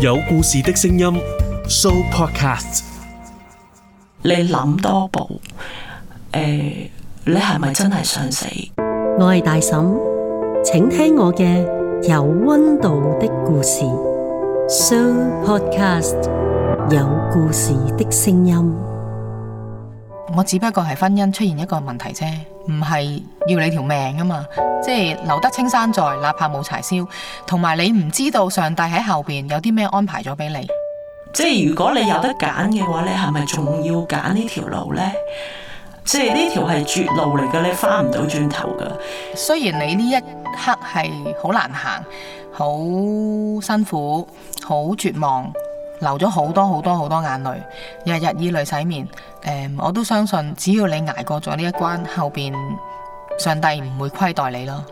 有故事的聲音，So Podcast 呃。你諗多步，誒，你係咪真係想死？我係大嬸，請聽我嘅有溫度的故事，So Podcast，有故事的聲音。我只不過係婚姻出現一個問題啫，唔係要你條命啊嘛！即係留得青山在，哪怕冇柴燒。同埋你唔知道上帝喺後邊有啲咩安排咗俾你。即係如果你有得揀嘅話咧，係咪仲要揀呢條路呢？即係呢條係絕路嚟嘅咧，返唔到轉頭噶。雖然你呢一刻係好難行，好辛苦，好絕望。流咗好多好多好多眼淚，日日以淚洗面。誒，我都相信，只要你捱過咗呢一關，後邊上帝唔會虧待你咯。